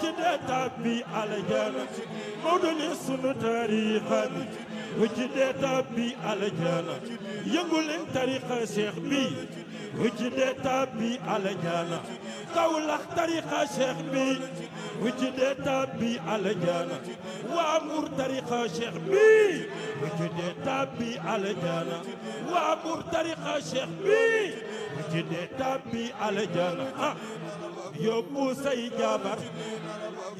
ci dee tàbbi aljana Maodo ne sunu tariixa bi ku ci dee tàbbi aljana yëngu leen tariixa Cheikh bi ku ci dee tàbbi aljana Kawlax tariixa Cheikh bi ku ci dee tàbbi aljana waa Mbuur tariixa Cheikh bi ku waa Mbuur tariixa Cheikh bi ci dee tàbbi aljana ah yóbbu say jabar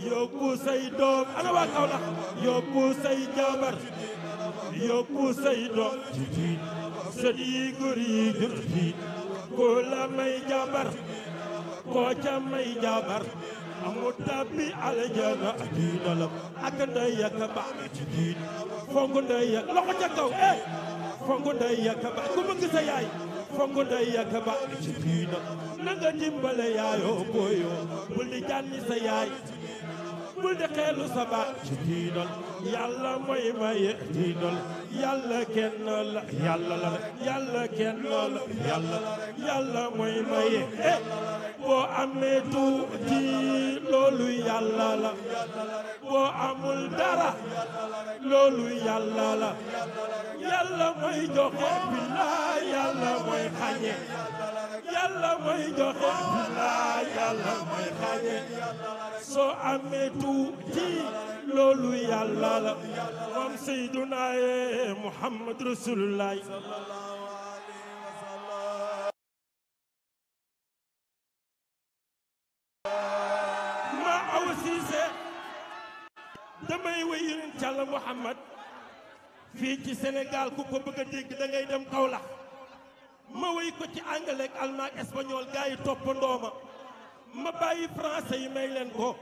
yóbbu say doom ana waa Kaolack yóbbu say jabar yóbbu say doom ci diin sët yi góor yi jur diin ku la may jabar koo ca may jabar amu tàbbi diina la ak ndey ak baay ci diin fonk ndey ak loxo ca kaw eh fongo ndey ak ba ku yaay fongo ndey ak ba ci diina na dimbale yaayoo booyoo bul di jànni yaay bul di xeelu sa ci diinal yàlla yàlla kenn la la yàlla kenn la yàlla yàlla mooy maye eh, boo amee tuuti loolu yàlla la boo amul dara loolu yàlla la mooy joxe billaay yàlla mooy xañe yàlla mooy joxe billaay yàlla mooy xañe soo amee tuuti loolu yàlla la moom sayduna ye muhammad rasulullah ma aw siise damay wéy yonent yàlla muhammad fii ci Sénégal ku ko bëgg dégg da dem Kaolack ma wéy ko ci anglais ak allemand ak espagnol gars toppandoo ma ma bàyyi français yi may leen ko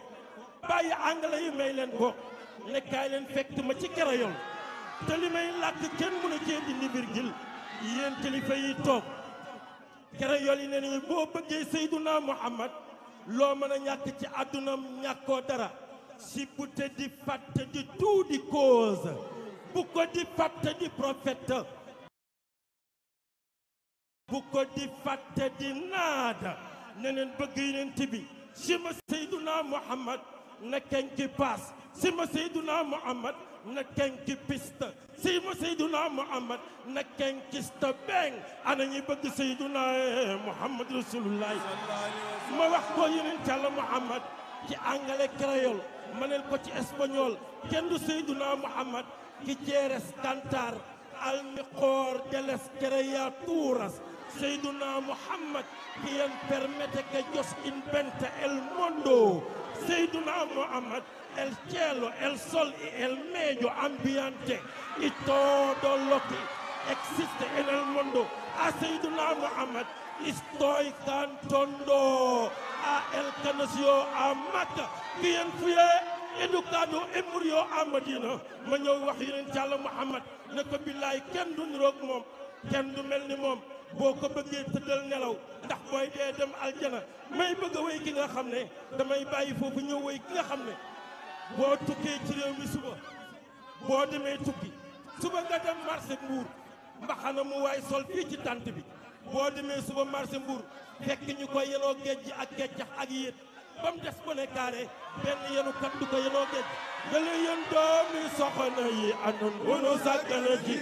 bàyyi anglais yi may leen ko nekkaay leen fekk ma ci créole te li may làkk kenn mënu cee dindi virgule yéen kilifa yi toog créole yi ne boo bëggee Seydouna Muhammad loo mën a ñàkk ci àddunam ñàkkoo dara si bu te di fàtte di tout di bu ko fat fàtte prophète bu ko fat fàtte nada nenen ne neen bi si ma seyduna muhammad ne ken ki paas si ma seyduna muhammad ne ken ki piste si ma seyduna muhammad ne ken ki sta beng ana ñi bëgg seyduna eh, muhammad rasulullah ma wax ko yonent muhammad ci anglais créole manel ko ci espagnol ken du seyduna muhammad que quieres cantar al mejor de las criaturas. Seyduna Muhammad, quien permite que Dios invente el mundo. Seyduna Muhammad, el cielo, el sol y el medio ambiente y todo lo que existe en el mundo. A Seyduna Muhammad estoy cantando a El nació a Mata, quien fue éducado émour yoo amadina ma ñëw wax yeneen ci Yàlla Muhammad ne ko billaay kenn du niroog moom kenn du mel ni moom boo ko bëggee tëddal nelaw ndax booy dee dem aljana may bëgg a ki nga xam ne damay bàyyi foofu ñëw wéy ki nga xam ne boo tukkee ci réew mi suba boo demee tukki suba nga dem marché mbuur mbaxana mu waay sol fii ci tànt bi boo demee suba marché mbuur fekk ñu koy yenoo géej ak geccax ak yéet ba mu des bële carré benn yenu kat du ko yenoo géej yële yéen doomi soxna yi anun bunu sàggana ji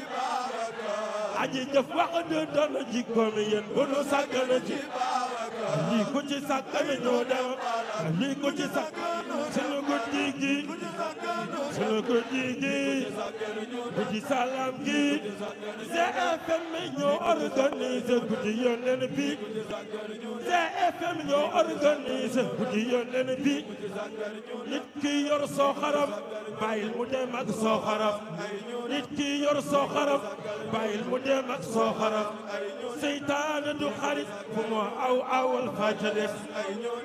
aji jëf wax dëgg dana ji kon yéen bunu sàggana ji lii ku ci sàggana ñoo dem ci sàggana sunu guddi gi sunu guddi gi guddi salaam gi GFM ñoo organisé guddi yonent bi GFM ñoo organisé guddi yonent bi nit ki yor soo xaram bàyyil mu dem soo xaram nit ki yor soo xaram bàyyil mu dem soo xaram seytaane du xarit bu mu aw awal fàcce des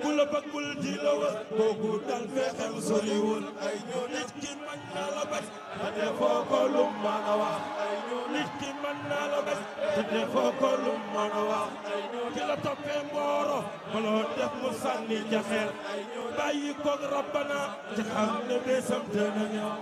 ku la bëggul di la wër dal fexem soriwul ay ñu nit ki mën naa la bés te defoo ko lu mën a wax ay ñu nit ki mën naa la bés te baloo def mu sànni ca bàyyi ko rabbana te xam ne bésam dana